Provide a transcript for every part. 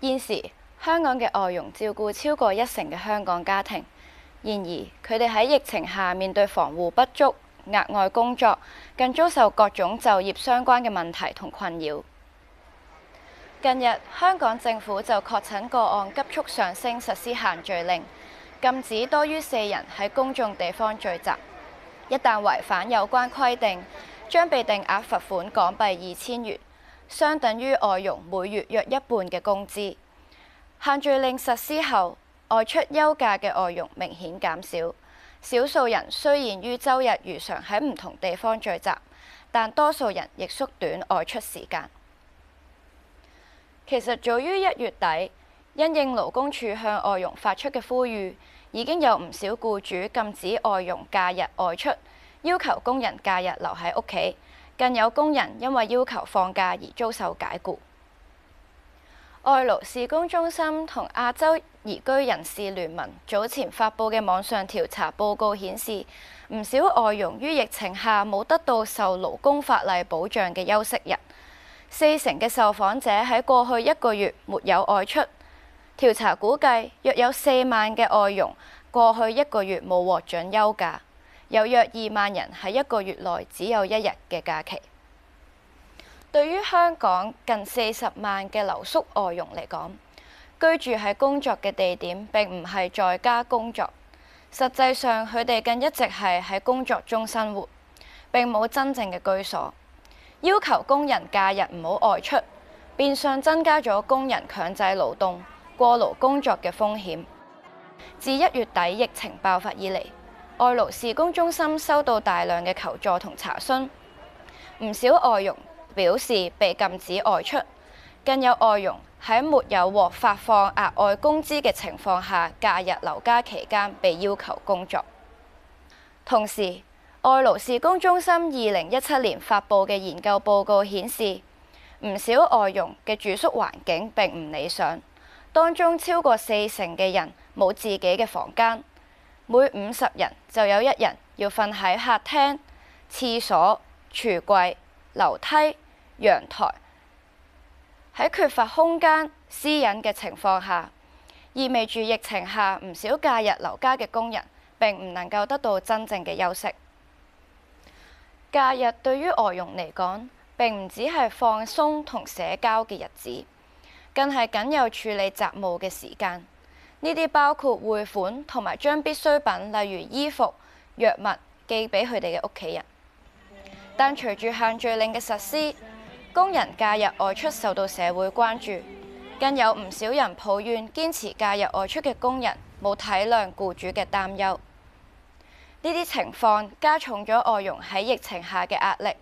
現時香港嘅外傭照顧超過一成嘅香港家庭，然而佢哋喺疫情下面對防護不足、額外工作，更遭受各種就業相關嘅問題同困擾。近日，香港政府就確診個案急速上升，實施限聚令，禁止多於四人喺公眾地方聚集。一旦違反有關規定，將被定額罰款港幣二千元。相等於外傭每月約一半嘅工資。限聚令實施後，外出休假嘅外傭明顯減少。少數人雖然於週日如常喺唔同地方聚集，但多數人亦縮短外出時間。其實早於一月底，因應勞工處向外傭發出嘅呼籲，已經有唔少僱主禁止外傭假日外出，要求工人假日留喺屋企。更有工人因為要求放假而遭受解雇。外勞事工中心同亞洲移居人士聯盟早前發布嘅網上調查報告顯示，唔少外傭於疫情下冇得到受勞工法例保障嘅休息日。四成嘅受訪者喺過去一個月沒有外出。調查估計，約有四萬嘅外傭過去一個月冇獲準休假。有約二萬人喺一個月內只有一日嘅假期。對於香港近四十萬嘅留宿外傭嚟講，居住喺工作嘅地點，並唔係在家工作。實際上，佢哋更一直係喺工作中生活，並冇真正嘅居所。要求工人假日唔好外出，變相增加咗工人強制勞動、過勞工作嘅風險。自一月底疫情爆發以嚟，外勞事工中心收到大量嘅求助同查詢，唔少外傭表示被禁止外出，更有外傭喺沒有獲發放額外工資嘅情況下，假日留家期間被要求工作。同時，外勞事工中心二零一七年發布嘅研究報告顯示，唔少外傭嘅住宿環境並唔理想，當中超過四成嘅人冇自己嘅房間。每五十人就有一人要瞓喺客廳、廁所、櫥櫃、樓梯、陽台，喺缺乏空間、私隱嘅情況下，意味住疫情下唔少假日留家嘅工人並唔能夠得到真正嘅休息。假日對於外傭嚟講，並唔只係放鬆同社交嘅日子，更係僅有處理雜務嘅時間。呢啲包括匯款同埋將必需品，例如衣服、藥物寄俾佢哋嘅屋企人。但隨住限聚令嘅實施，工人假日外出受到社會關注，更有唔少人抱怨堅持假日外出嘅工人冇體諒僱主嘅擔憂。呢啲情況加重咗外傭喺疫情下嘅壓力，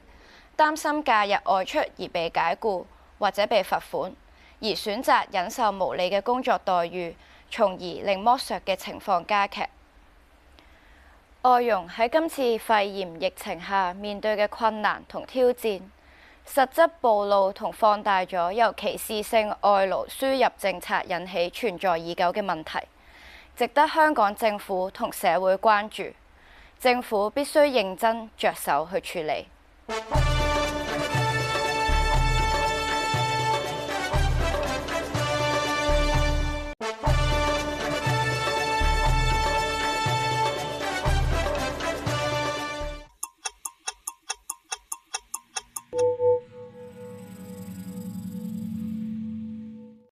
擔心假日外出而被解雇或者被罰款，而選擇忍受無理嘅工作待遇。從而令剝削嘅情況加劇。外佣喺今次肺炎疫情下面對嘅困難同挑戰，實質暴露同放大咗由歧視性外勞輸入政策引起存在已久嘅問題，值得香港政府同社會關注。政府必須認真着手去處理。